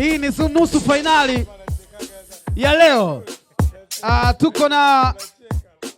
hii ni nusu fainali ya leo. Uh, tuko na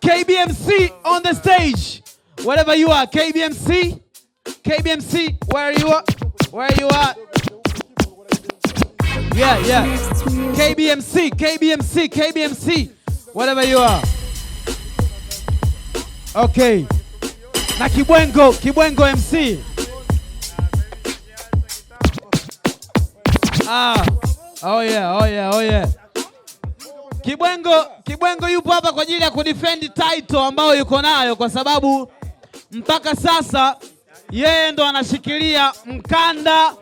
KBMC on the stage. Wherever you are, KBMC, KBMC, where you are, where you are. Yeah, yeah. KBMC, KBMC, KBMC, wherever you are. Okay. Na Kibwengo, Kibwengo MC. Ah. Oh yeah, oh yeah, oh yeah. Kibwengo, Kibwengo yupo hapa kwa ajili ya kudefend title ambayo yuko nayo kwa sababu mpaka sasa yeye ndo anashikilia mkanda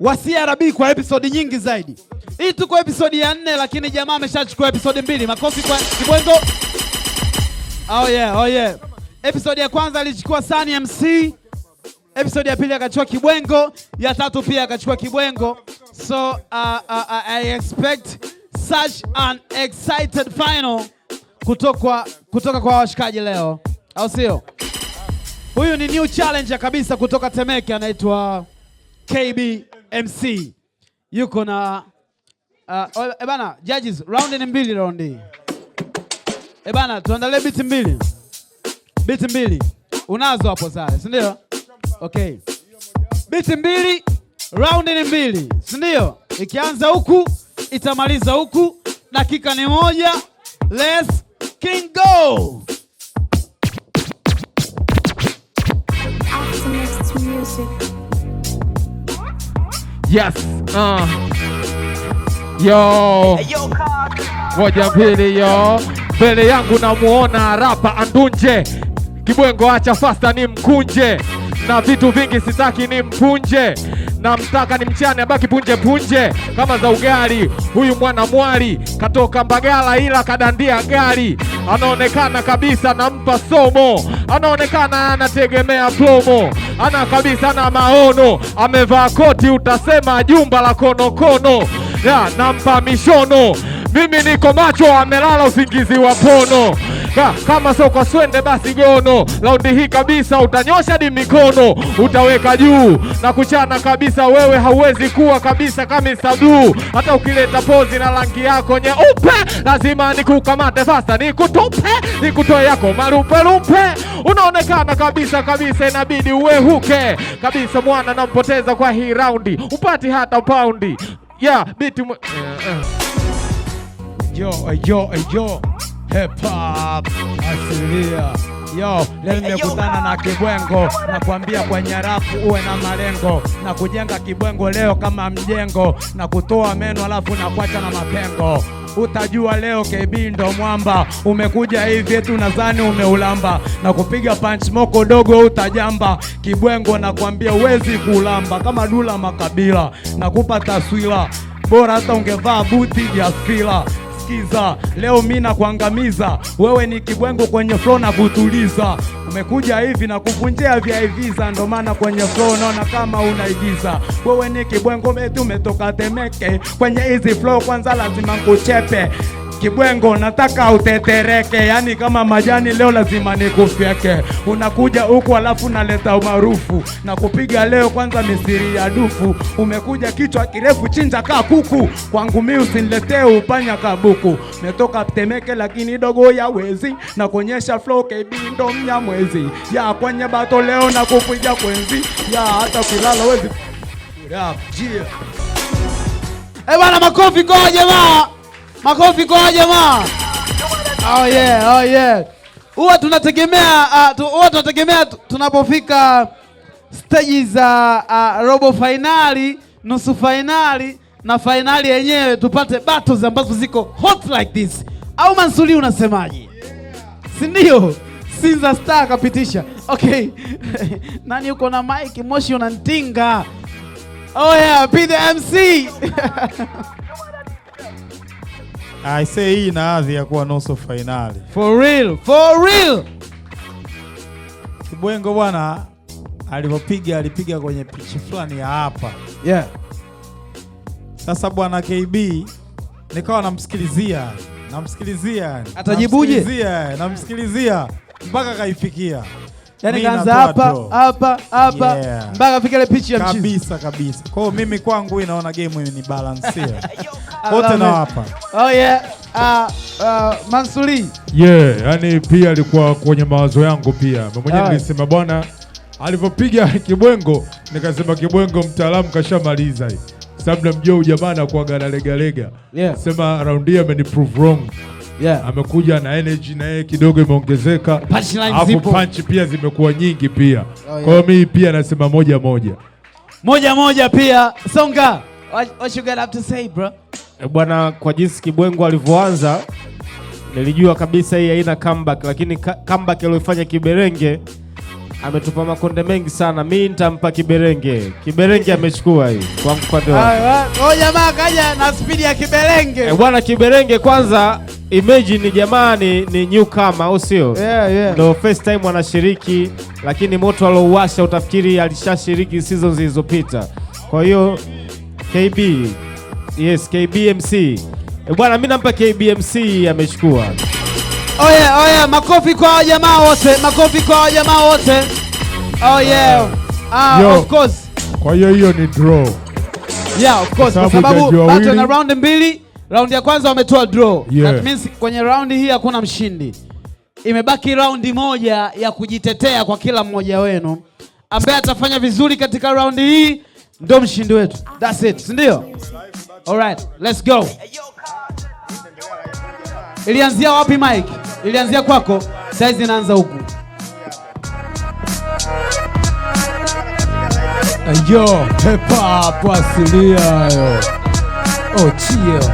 wa CRB kwa episodi nyingi zaidi. Hii tuko episodi ya nne, lakini jamaa ameshachukua episodi mbili. Makofi kwa Kibwengo. Oh yeah, oh yeah. Episodi ya kwanza alichukua Sunny MC, episodi ya pili akachukua Kibwengo, ya tatu pia akachukua Kibwengo. So uh, uh, uh, I expect such an excited final kutoka, kutoka kwa washikaji leo, au sio? Huyu ni new challenger kabisa kutoka Temeke anaitwa KB MC Yuko na uh, e bana, judges round ni mbili round hii. E bana, tuandalie biti mbili. Biti mbili. Unazo hapo sasa, si ndio? Okay. Biti mbili Raundi ni mbili, sindio Ikianza huku itamaliza huku, dakika ni moja. Let's king go. Yes. Uh. Yo. Moja mbili yo. Mbele yangu namuona rapa Andunje Kibwengo, acha fasta ni mkunje na vitu vingi sitaki ni mpunje namtaka ni mchane abaki punje punje kama za ugali. Huyu mwana mwali katoka Mbagala ila kadandia gari, anaonekana kabisa nampa somo, anaonekana anategemea plomo, ana kabisa na maono, amevaa koti utasema jumba la konokono ya nampa mishono. Mimi niko macho, amelala usingizi wa pono Ka, kama sio kwa swende basi gono. Raundi hii kabisa utanyosha di mikono utaweka juu na kuchana kabisa. Wewe hauwezi kuwa kabisa kama Mr. hata ukileta pozi na rangi yako nyeupe, lazima nikukamate fasta, nikutupe, nikutoe yako marupe rupe. Unaonekana kabisa kabisa, inabidi uwehuke kabisa. Mwana nampoteza kwa hii raundi, upati hata paundi. Yeah, biti Yo, yo, yo hip hop asilia. Yo, leo nimekutana na kibwengo, nakwambia kwenye rapu uwe na malengo na kujenga kibwengo leo kama mjengo na kutoa meno alafu na kuacha na mapengo Utajua leo KB ndo mwamba, umekuja hivi yetu nadhani umeulamba na kupiga punch moko dogo utajamba. Kibwengo nakwambia uwezi kulamba kama Dula Makabila, nakupa taswira bora hata ungevaa buti jasila kusikiza, leo mi nakuangamiza wewe, ni kibwengo kwenye flow na kutuliza. Umekuja hivi na kuvunjia vya iviza, ndo maana kwenye flow naona kama unaigiza. Wewe ni kibwengo, umetoka Temeke kwenye hizi flow, kwanza lazima kuchepe Kibwengo, nataka utetereke, yani kama majani leo lazima nikufyeke. Unakuja huku alafu naleta umaarufu na kupiga leo kwanza misiri ya dufu. Umekuja kichwa kirefu, chinja kaa kuku kwangu, mi usiniletee upanya kabuku. Metoka Temeke lakini dogo ya wezi na kuonyesha flow KB ndo mnyamwezi ya kwenye bato leo na kupiga kwenzi ya hata kulala wezi. Hey, eh, bwana makofi kwa jamaa. Makofi kwa jamaa. Oh yeah, oh yeah. Huwa tunategemea uh, huwa uh, tunategemea tunapofika stage za uh, robo finali, nusu finali na finali yenyewe tupate battles ambazo ziko hot like this. Au Mansuri unasemaje? Si ndio? Sinza Star kapitisha. Okay. Nani uko na mic? Moshi unantinga. Oh yeah, be the MC. I say hii ina hadhi ya kuwa nusu fainali. For real, for real. Kibwengo bwana alivyopiga alipiga kwenye pichi fulani ya hapa. Yeah. Sasa bwana KB nikawa namsikilizia, namsikilizia. Atajibuje? Namsikilizia, namsikilizia mpaka kaifikia yani kaanza hapa hapa hapa mpaka fika ile pitch ya mchezo kabisa kabisa. Kwa hiyo mimi kwangu inaona game ni balance wote na hapa. Oh yeah. Uh, ah, uh, ah, Mansuri. Yeah, yani pia alikuwa kwenye mawazo yangu pia mwenyewe nilisema bwana alivyopiga kibwengo nikasema kibwengo mtaalamu kashamaliza hii. Sababu namjua huyu jamaa anakuwa galalega lega. Yeah. Sema round hii ameniprove wrong yeah. amekuja na energy na yeye kidogo imeongezeka, hapo punch pia zimekuwa nyingi pia oh, Kwa hiyo mimi pia nasema moja moja moja moja pia Songa, what, what you got up to say bro? E, bwana, kwa jinsi Kibwengo alivyoanza nilijua kabisa hii haina comeback, lakini comeback aliyofanya Kiberenge ametupa makonde mengi sana. Mi nitampa Kiberenge. Kiberenge amechukua hii kwa upande wake. Jamaa kaja na spidi ya Kiberenge e, bwana. Kiberenge kwanza Imagine jamani, ni new kama au sio? Yeah, yeah. Ndio first time anashiriki, lakini moto alouwasha utafikiri alishashiriki season zilizopita. Kwa hiyo KB, yes, KBMC e eh, bwana, mi nampa KBMC ameshukua. Oh, oh yeah, makofi kwa jamaa wote, makofi kwa jamaa wote. Oh yeah. Ah, Yo, of course. Kwa hiyo hiyo ni draw. Yeah, of course, kwa sababu battle na round mbili Raundi ya kwanza wametoa draw. Yeah. That means kwenye raundi hii hakuna mshindi. Imebaki raundi moja ya kujitetea kwa kila mmoja wenu. Ambaye atafanya vizuri katika raundi hii ndo mshindi wetu. That's it, si ndio? All right, let's go. Ilianzia wapi Mike? Ilianzia kwako. Saizi inaanza huku. Yo, hip hop asilia yo. Ochio oh,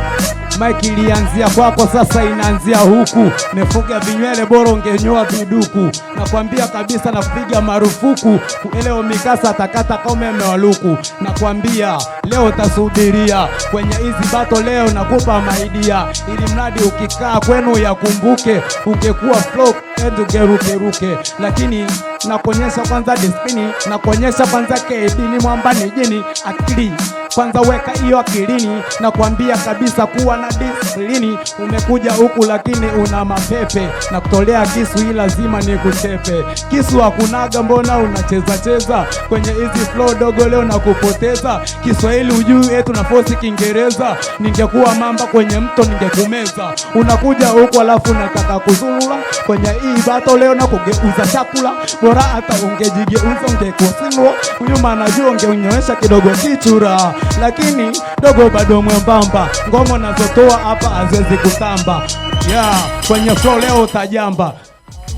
Mike ilianzia kwako, sasa inaanzia huku. Mefuga vinywele bora ungenyoa viduku, nakwambia kabisa, nakupiga marufuku. Leo mikasa takata kama mewaluku, nakwambia leo tasubiria kwenye hizi bato, leo nakupa maidia, ili mradi ukikaa kwenu yakumbuke, ungekuwa flow gerukeruke lakini nakuonyesha kwanza despini, nakuonyesha kwanza kedini, mwamba ni jini akili kwanza weka hiyo akilini, na kuambia kabisa kuwa na disiplini. Umekuja huku lakini una mapepe, na kutolea kisu hii lazima nikuchepe. Kisu hakunaga, mbona unacheza cheza kwenye hizi flow dogo? Leo na kupoteza Kiswahili ujui etu na fosi Kiingereza, ningekuwa mamba kwenye mto ningekumeza. Unakuja huku alafu nataka kuzurura kwenye hii bato, leo na chakula bora, hata ungejigeuza ungekosinwa nyuma, najua ungeonyesha kidogo kichura lakini dogo bado mwembamba, ngoma nazotoa hapa haziwezi kutamba. Yeah, kwenye flow leo utajamba.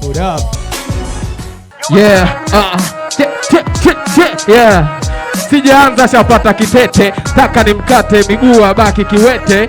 Put up. Yeah, uh, yeah. Sijaanza shapata kitete, taka ni mkate miguu abaki kiwete.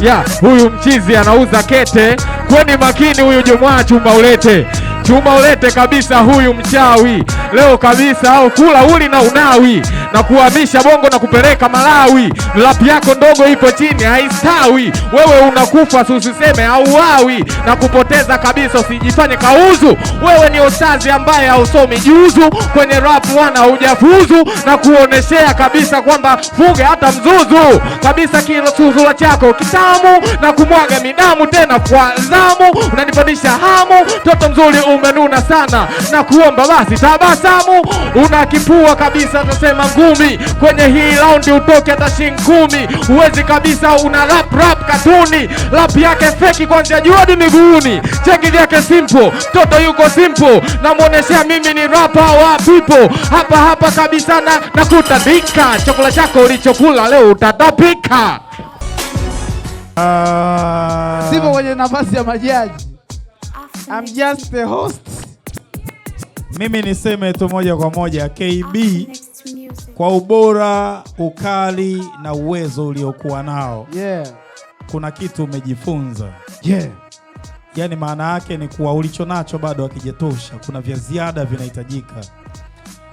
Yeah, huyu mchizi anauza kete, kweni makini huyu Jumaa, chumba ulete, chumba ulete kabisa huyu mchawi leo kabisa, au kula uli na unawi na kuhamisha bongo na kupeleka Malawi. Rap yako ndogo ipo chini, haistawi. Wewe unakufa susiseme auawi na kupoteza kabisa, usijifanye kauzu. Wewe ni ostazi ambaye hausomi juzu, kwenye rap wana hujafuzu na kuoneshea kabisa kwamba fuge hata mzuzu kabisa, kila suzula chako kitamu na kumwaga midamu tena kwa zamu, unanipandisha hamu. Toto mzuri umenuna sana na kuomba basi tabasi tamu unakipua kabisa, tasema ngumi kwenye hii raundi utoke hata shilingi kumi, huwezi kabisa. Una rap rap katuni, rap yake feki kuanzia juu hadi miguuni, cheki yake simple, mtoto yuko simple, namwoneshea mimi ni rapa wa people hapa hapa kabisa na, na kutadika chakula chako ulichokula leo utatapika. Uh, ah. sipo kwenye nafasi ya majaji. I'm just the host. Mimi niseme tu moja kwa moja KB kwa ubora, ukali na uwezo uliokuwa nao yeah. Kuna kitu umejifunza yeah. Yaani maana yake ni kuwa ulicho nacho bado hakijatosha, kuna vya ziada vinahitajika.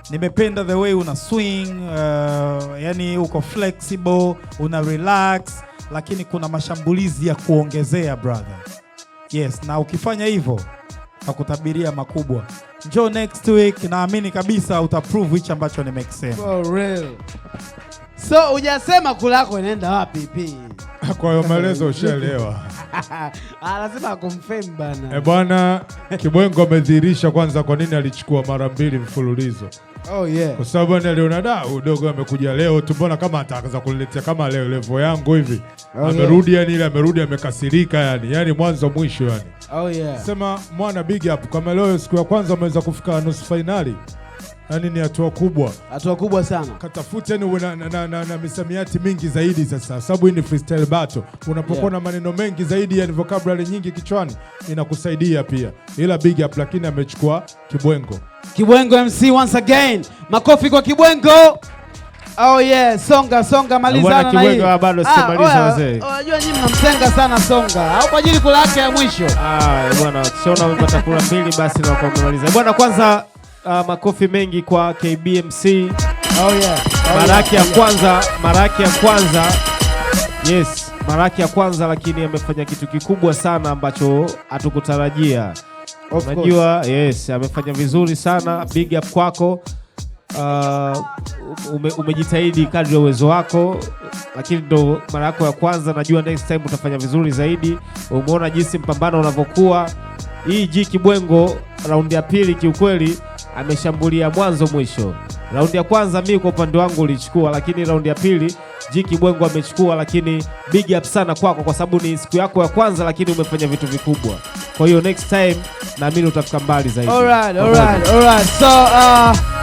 Nimependa the way una swing uh, yani uko flexible, una relax, lakini kuna mashambulizi ya kuongezea brother. Yes, na ukifanya hivyo nakutabiria makubwa njo next week, naamini kabisa utaprove hichi ambacho nimekisema. For real. So hujasema kulako inaenda wapi pia? Kwa hiyo maelezo ushaelewa. Ah, lazima akumfem bana. Eh bwana, Kibwengo amedhihirisha kwanza kwa nini alichukua mara mbili mfululizo. Oh, yeah. Kwa sababu aliona da udogo amekuja leo tu, mbona kama atakaza kuniletea kama leo level yangu hivi. Oh, amerudi yeah. Yani ile amerudi amekasirika yani, yani mwanzo mwisho yani. Oh, yeah. Sema mwana big up kama leo siku ya kwanza ameweza kufika nusu fainali Yaani ni hatua kubwa, hatua kubwa sana. Katafute ni na, na, na, na misamiati mingi zaidi sasa, sababu hii ni freestyle battle. Unapokuwa yeah, na maneno mengi zaidi yani vocabulary nyingi kichwani inakusaidia pia, ila big up, lakini amechukua Kibwengo. Kibwengo MC once again, makofi kwa Kibwengo. Oh yeah, songa songa, malizana na hii. Bado ah, sitamaliza wazee. Unajua nyinyi mnamsenga sana songa. Au kwa ajili kula yake ya mwisho. Ah, bwana, ukiona umepata kula mbili basi na kwa kumaliza. Bwana kwanza uh, makofi mengi kwa KBMC. Oh yeah. Oh mara yake ya oh, kwanza, mara yake ya kwanza. Yes, mara yake ya kwanza lakini amefanya kitu kikubwa sana ambacho hatukutarajia. Unajua, yes, amefanya vizuri sana. Big up kwako. Uh, ume, umejitahidi kadri ya uwezo wako, lakini ndo mara yako ya kwanza. Najua next time utafanya vizuri zaidi. Umeona jinsi mpambano unavyokuwa. Hii e G Kibwengo raundi ya pili kiukweli ameshambulia mwanzo mwisho. Raundi ya kwanza mimi kwa upande wangu ulichukua, lakini raundi ya pili Jiki Bwengo amechukua, lakini big up sana kwako, kwa sababu ni siku yako ya kwanza, lakini umefanya vitu vikubwa. Kwa hiyo next time naamini utafika mbali zaidi. Alright, alright, alright. So uh...